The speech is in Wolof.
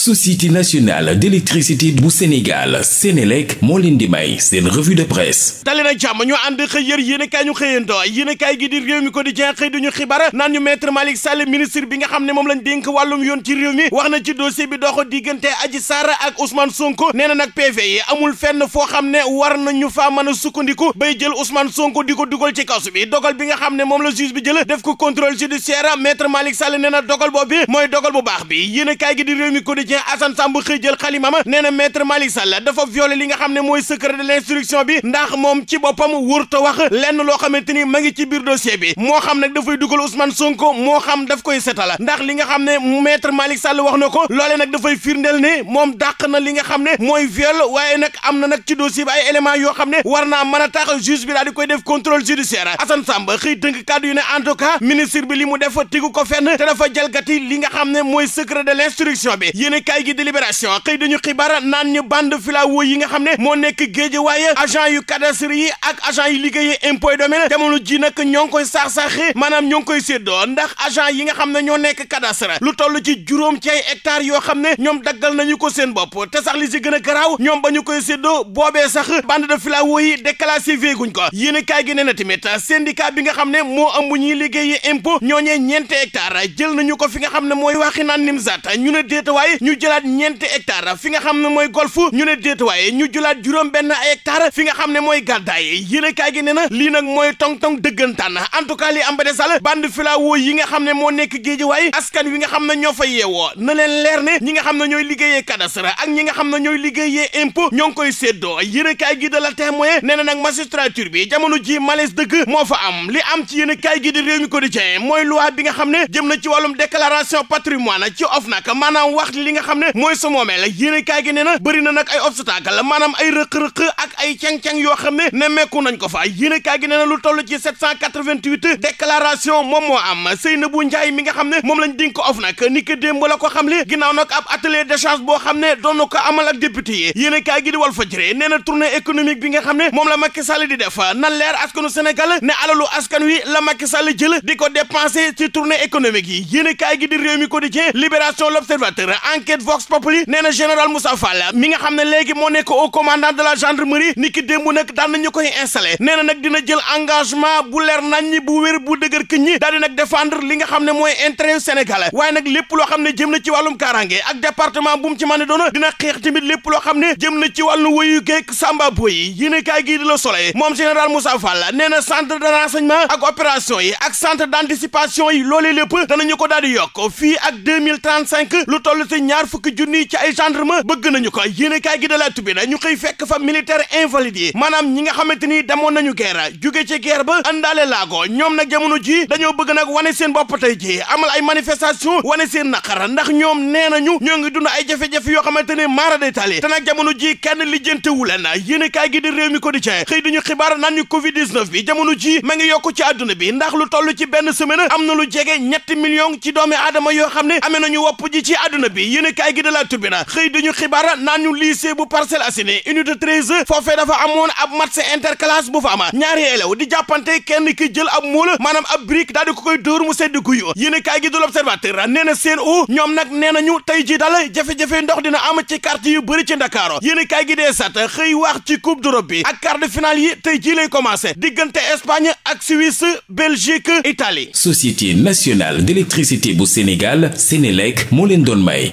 société nationale d'électricité bu Sénégal Sénélec moo leen di may seen revue de presse dali na jàmm ñu ànd xëy yër yéenekaay ñu xëyantoo yéenekaay gi di réew mi quotidien xëy duñu xibaar naan ñu maître Malick Sall ministre bi nga xam ne moom lañ dénk wàllum yoon ci réew mi wax na ci dossier bi dox diggante Adji Sarr ak Ousmane Sonko nee na nag PV yi amul fenn foo xam ne war na ñu fa mën a sukkandiku bay jël Ousmane Sonko di ko dugal ci kasu bi bi nga xam ne moom la juge bi jël ko contrôle judiciaire maître Malick Sall nee na dogal boobu mooy dogal bu baax bi yéenekaay gi quotidien Assane Samb xëy jël xalimam nee na maître Malick Sall dafa violé li nga xam ne mooy secret de bi ndax moom ci boppam wurta wax lenn loo xamante ni ma ngi ci biir dossier bi moo xam nag dafay dugal Ousmane Sonko moo xam daf koy setala ndax li nga xam ne maître Malick Sall wax na ko loole nag dafay firndeel ne moom dàq na li nga xam ne mooy viol waaye nag am na nag ci dossier bi ay éléments yoo xam ne war naa mën a tax juge bi daal di koy def contrôle judiciaire Assane Samba xëy tënk kàddu yu ne en tout cas ministre bi li mu def tigu ko fenn te dafa jalgati li nga xam ne mooy secret de l'instruction bi kaay gi délibération xëy dañu xibaar naan ñu bande filao yi nga xam ne moo nekk géej waaye agent yu cadastre yi ak agent yi liggéeyee impôt domaine jamono ji nag ñoo ngi koy saax-saaxi maanaam ñoo ngi koy séddoo ndax agent yi nga xam ne ñoo nekk cadastre lu toll ci juróom ci ay yoo xam ne ñoom daggal nañu ko seen bopp te sax li si gën a garaaw ñoom ba ñu koy séddoo boobee sax bande de filao yi déclassifié guñ ko yéen kaay gi nee na tamit syndicat bi nga xam ne moo am bu ñuy liggéeyee impôt ñooñee ñeenti hectares jël nañu ko fi nga xam ne mooy waxi naan nim ñu ne déet waaye ñu jëlaat ñeenti hectare fi nga xam ne mooy golf ñu ne déet waaye ñu jëlaat juróom benn ay hectare fi nga xam ne mooy gàddaay yéenekaay gi nee na lii nag mooy tong-tong dëggantaan en tout cas li am ba desal bande filao yi nga xam ne moo nekk Géejawaay askan wi nga xam ne ñoo fa yeewoo na leen leer ne nga xam ne ñooy liggéeyee cadastre ak ñi nga xam ne ñooy liggéeyee impôt ñoo ngi koy séddoo yéenekaay gi da la témoin nee na nag magistrature bi jamono ji malaise dëgg moo fa am li am ci yéenekaay gi di réew mi quotidien mooy bi nga xam ne jëm na ci wàllum déclaration patrimoine ci OFNAC maanaam wax nga xam ne mooy sa moomeel yéene kaay gi nee na bëri na nag ay obstacle maanaam ay rëq-rëq ak ay cang-cang yoo xam ne nemmeeku nañ ko fa yéene kaa gi nee na lu toll ci 788 déclaration moom moo am Seynabou Ndiaye mi nga xam ne moom lañ dénk ko OFNAC ni ko démb la ko xam li ginnaaw nag ab atelier d'échange boo xam ne doon na ko amal ak député yi yéene kaay gi di wal fa jëree nee na tournée économique bi nga xam ne moom la ma Sall di def nan leer askanu Sénégal ne alalu askan wi la Macky Sall jël di ko dépenser ci tournée économique yi yéene kaay gi di réew mi quotidien libération enquête Vox Populi nee na général Moussa Fall mi nga xam ne léegi moo nekk au de la gendarmerie ni ki démb nag daan nañu koy installé nee na nag dina jël engagement bu leer nañ bu wér bu dëgër këñ ñi daal di li nga xam ne mooy intérêt yu Sénégal waaye nag lépp xam ne jëm na ci wàllum kaaraange ak département bu mu ci mën a doon dina xeex tamit lépp loo xam ne jëm na ci wàllu woyu geek samba boy yi yéen kaay yi ak centre d'anticipation yi loolee lépp danañu ko daal di yokk fii ak 2035 ñaar fukki junni ci ay gendarme bëgg nañu ko yéene kaay gi da la ñu xëy fekk fa militaire invalide yi maanaam ñi nga xamante ni demoon nañu guerre jóge ci guerre ba àndaale laago ñoom nag jamono ji dañoo bëgg nag wane seen bopp tey ji amal ay manifestation wane seen naqara ndax ñoom nee nañu ñoo ngi dund ay jafe-jafe yoo xamante ni maara day tali te nag jamono ji kenn lijjantewu leen yéene kaay gi di réew mi quotidien xëy duñu xibaar naan ñu covid 19 bi jamono ji ma ngi yokk ci àdduna bi ndax lu toll ci benn semaine am na lu jege ñetti millions ci doomi aadama yoo xam ne amee nañu wopp ji ci àdduna bi yéenekaay gi de la Tribune xëy dañu xibaar naan ñu lycée bu Parcelles Assainies unité 13 foofee dafa amoon ab match interclasse bu fa ama ñaari élève di jàppante kenn ki jël ab muul maanaam ab brique daal di ko koy dóor mu sedd guy yéenekaay gi de l'Observateur nee na seen u ñoom nag nee nañu tey ji dal jafe-jafe ndox dina am ci quartier yu bëri ci Ndakaaru yéenekaay gi dee sat xëy wax ci coupe d'Europe bi ak quart de finale yi tey ji lay commencé diggante Espagne ak Suisse Belgique Italie société nationale d'électricité bu Sénégal Sénélec moo leen doon may